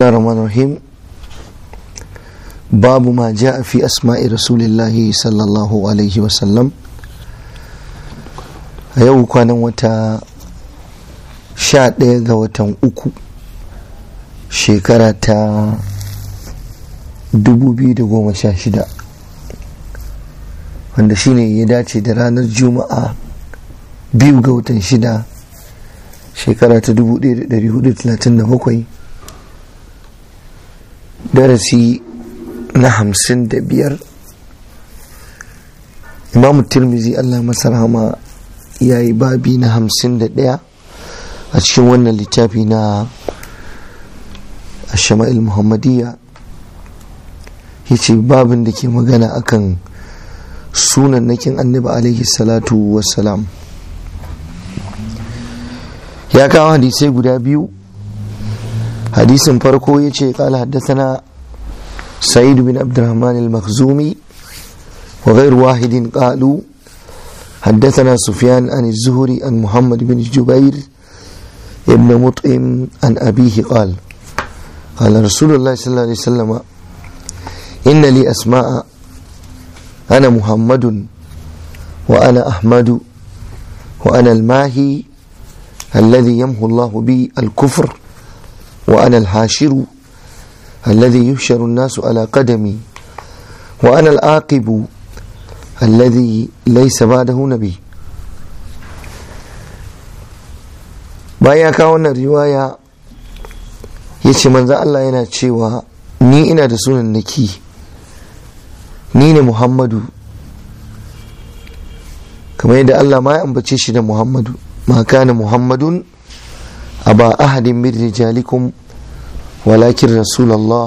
الله الرحمن الرحيم باب ما جاء في أسماء رسول الله صلى الله عليه yau kwanan wata sha ɗaya ga watan uku shekara ta 2016 wanda shine ya dace da ranar juma'a biyu ga watan shida shekara ta 1437 darasi na hamsin da biyar imamu tirmizi allah masa rahama ya yi babi na hamsin da ɗaya a cikin wannan littafi na shama'il muhammadiyya ya ce babin da ke magana akan sunan nakin annabi alaihi salatu wassalam ya kawo hadisai guda biyu hadisin farko ya ce kala haddasana sa'id bin abdurrahman al-makhzumi wa ghair wahidin qalu حدثنا سفيان عن الزهري عن محمد بن جبير ابن مطعم عن أبيه قال قال رسول الله صلى الله عليه وسلم إن لي أسماء أنا محمد وأنا أحمد وأنا الماهي الذي يمحو الله بي الكفر وأنا الحاشر الذي يحشر الناس على قدمي وأنا العاقب الذي ليس بعده نبي بايا كاونا رواية يتي من الله ينا تشيوا ني إنا رسول النكي ني محمد كما يدى الله ما ينبتشي محمد ما كان محمد أبا أحد من رجالكم ولكن رسول الله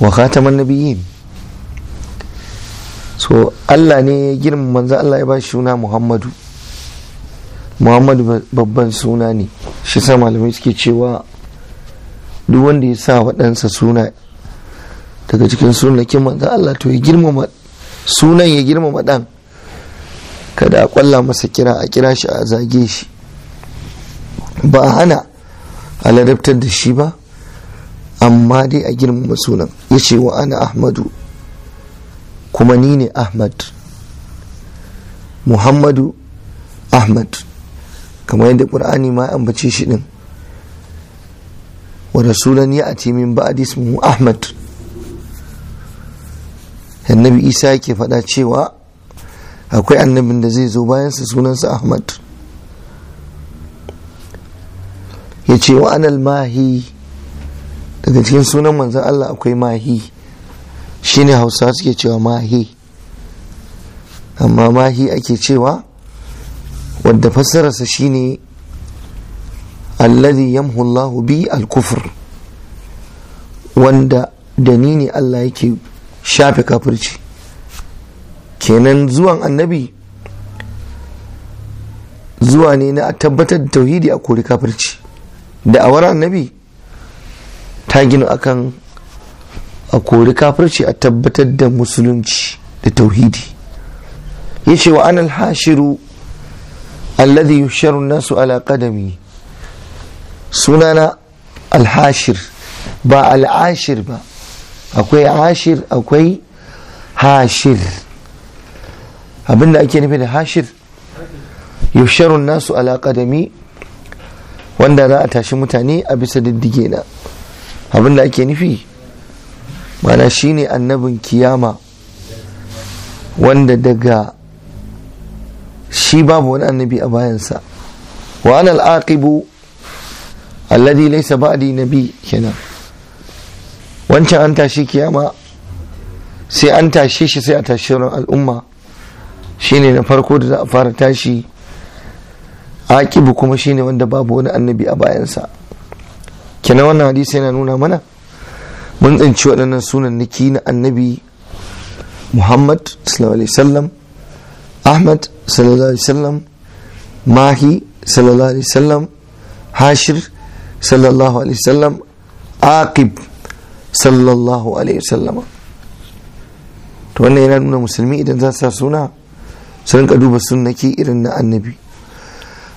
وخاتم النبيين so Allah ne ya girma manzo Allah ya ba shi suna Muhammadu Muhammadu babban suna ne shi sa malamai suke cewa duk wanda ya sa waɗansa suna daga cikin sunakin manzo Allah to ya girmama sunan ya girmama ɗan kada a kwalla masa kira a kira shi a zage shi ba a hana a ladabtar da shi ba amma dai a girmama sunan ya ce wa ana ahmadu kuma ni ne ahmad muhammadu ahmad kamar yadda ƙur'ani ma ambace shi ɗin wa rasulan ya ati min ba'di ahmad annabi isa yake faɗa cewa akwai annabin da zai zo bayansa sunansa ahmad ya ce wa anal mahi daga cikin sunan manzan Allah akwai mahi shine hausa suke cewa mahi amma mahi ake cewa wadda fassararsa shine alladhi yamhu Allahu bi al-kufr wanda da ni ne Allah yake shafe kafirci kenan zuwan annabi zuwa ne na tabbatar da tauhidi a kori kafirci da awar annabi ta gina akan a kori kafirci a tabbatar da musulunci da tauhidi ya ce wa anal hashiru alladhi yusharu nasu ala qadami sunana alhashir ba al'ashir ba akwai ashir akwai hashir abinda ake nufi da hashir yusharu nasu ala qadami wanda za a tashi mutane a bisa diddige na abin da ake nufi mana shine annabin kiyama wanda daga shi babu wani annabi a bayansa wa an al'aqibu alladhi laysa ba'di nabi kenan wancan an tashi kiyama sai an tashe shi sai a tashi al'umma shine na farko da za a fara tashi aqibu kuma shine wanda babu wani annabi a bayansa kenan wannan hadisi yana nuna mana mun tsinci waɗannan sunan niki na annabi muhammad sallallahu alaihi wasallam ahmad sallallahu alaihi wasallam mahi sallallahu alaihi wasallam hashir sallallahu alaihi wasallam aqib sallallahu alaihi wasallam to wannan yana nuna musulmi idan za su suna su rinka duba sunnaki irin na annabi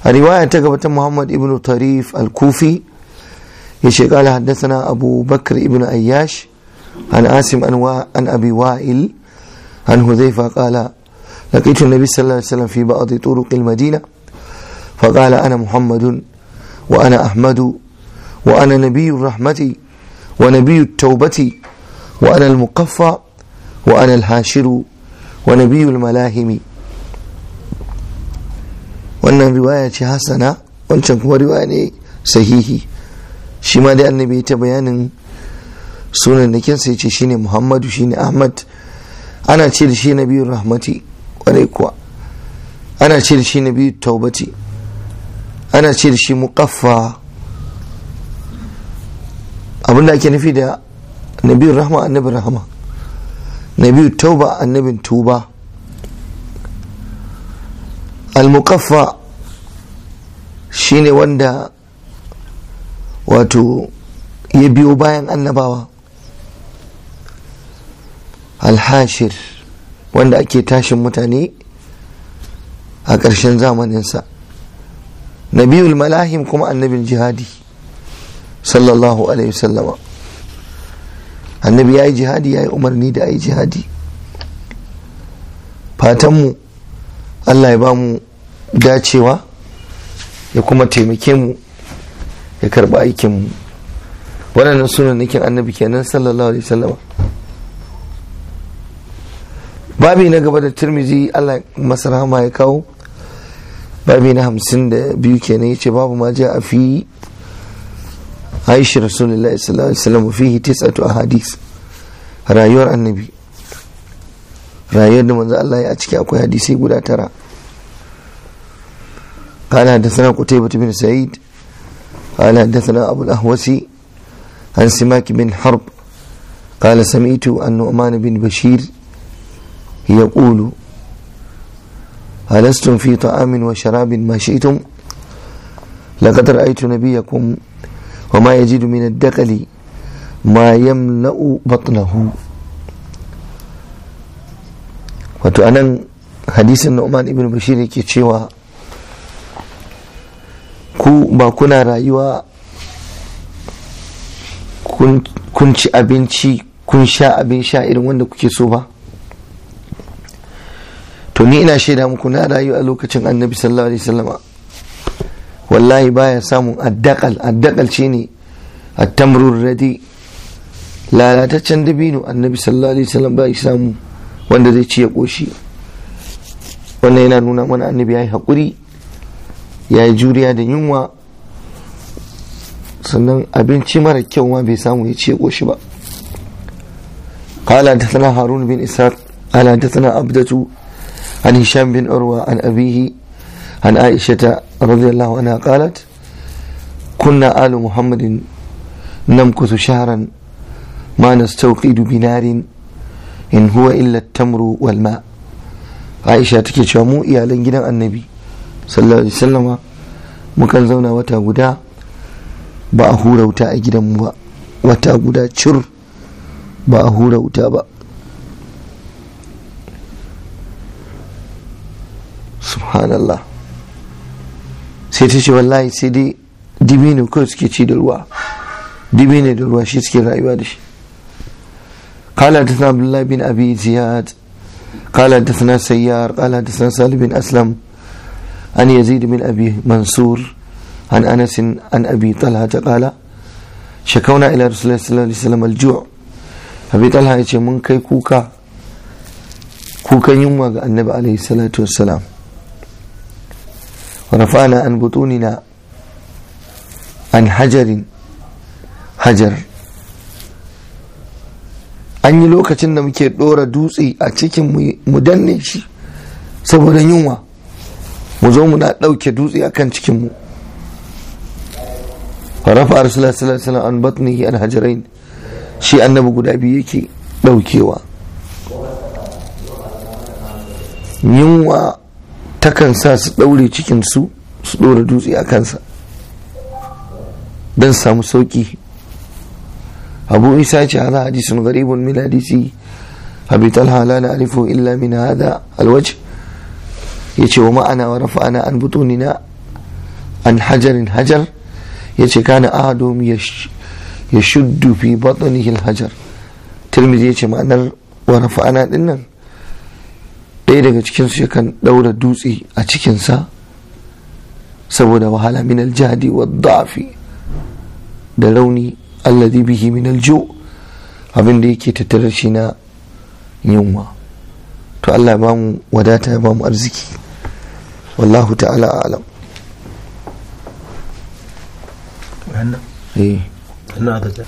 الرواية تقبت محمد ابن طريف الكوفي يشي قال حدثنا أبو بكر ابن أياش عن آسم عن أبي وائل عن حذيفة قال لقيت النبي صلى الله عليه وسلم في بعض طرق المدينة فقال أنا محمد وأنا أحمد وأنا نبي الرحمة ونبي التوبة وأنا المقفى وأنا الهاشر ونبي الملاهم wannan riwaya ce hasana wancan kuma riwaya ne sahihi shi ma dai annabi ta bayanin sunan da kyansa ya ce shine muhammadu shine ahmad ana ce da shi na biyu rahmati kwarai kuwa ana ce da shi na biyu taubati ana ce da shi mukaffa abinda ake nufi da nabiyu rahma annabi rahama nabiyu tauba annabin tuba al mukaffa shine wanda wato ya biyo bayan annabawa alhashir wanda ake tashin mutane a ƙarshen zamaninsa nabiyul malahim kuma annabin jihadi sallallahu alaihi sallama. annabi ya yi jihadi ya yi umarni da a yi jihadi fatanmu allah ya ba mu dacewa ya kuma taimake mu ya karba aikin mu waɗannan sunan nakin annabi kenan sallallahu alaihi wasallam babi na gaba da turmizi Allah masarhama ya kawo babi na hamsin da biyu kenan ya ce babu ma ja a fi aishi rasulullahi sallallahu alaihi wasallam fihi a hadis rayuwar annabi rayuwar da manzo Allah ya a ciki akwai hadisai guda tara قال حدثنا قتيبة بن سعيد قال حدثنا أبو الأهوسي عن سماك بن حرب قال سمعت نؤمان بن بشير يقول ألستم في طعام وشراب ما شئتم لقد رأيت نبيكم وما يجد من الدقل ما يملأ بطنه wato حديث النؤمان بن بشير Bashir ku ba kuna rayuwa kun ci abinci kun sha abin sha irin wanda kuke so ba to ni ina shaida muku na rayuwa a lokacin annabi sallallahu alaihi wasallama wallahi baya samun addakal addakal ne at-tamrur radi lalataccen dabino annabi sallallahu alaihi wasallam bai samu wanda zai ci ya koshi wannan yana nuna mana annabi ya yi hakuri ya yi juriya da yunwa sannan abinci mara kyau ma bai samu ya ce goshi ba ƙalata tana harun bin isa ƙalata tana abdatu an hisham bin Arwa an abihi an aisha ta radiyallahu anha qalat kunna alu muhammadin su shaharan ma nastawqidu binarin in huwa illa tamru walma. aisha take cewa mu iyalan gidan annabi sallallahu alaihi mu mukan zauna wata guda ba a hura wuta a gidanmu ba wata guda cur ba a hura wuta ba subhanallah sai ta ce wallahi sai dai dibi ne kawai suke ci da ruwa dibi ne da ruwa shi suke rayuwa da shi قال حدثنا عبد الله بن ابي زياد قال حدثنا سيار قال حدثنا سالم بن اسلم عن يزيد بن أبي منصور عن أنس عن أبي طلحة قال شكونا إلى رسول الله صلى الله عليه وسلم الجوع أبي طلحة يتي من كي كوكا كوكا يوم النبي عليه الصلاة والسلام ورفعنا عن بطوننا عن حجر حجر an yi lokacin da muke ɗora dutse a cikin mu danne shi saboda yunwa mu zo muna ɗauke dutse akan cikin mu farafa arsala sallallahu an batnihi an hajarain shi annabi guda biyu yake ɗaukewa yunwa takan sa su ɗaure cikin su ɗora dutse a kansa don samu sauƙi abu isa ce hada hadisun garibun min hadisi abi talha illa min hada alwajh ya ce wa ma'ana wa ana an butuni na an hajarin hajar ya ce kana ahadum ya shuddu fi hil hajar tirmidhi ya ce ma'anar wa rafa'ana din nan ɗaya daga cikinsu ya kan ɗaura dutse a cikinsa saboda wahala min aljihadi wa da'afi da rauni alladhi bihi min aljo abin da yake tattare shi na yunwa to Allah ba mu wadata ba mu arziki والله تعالى أعلم إيه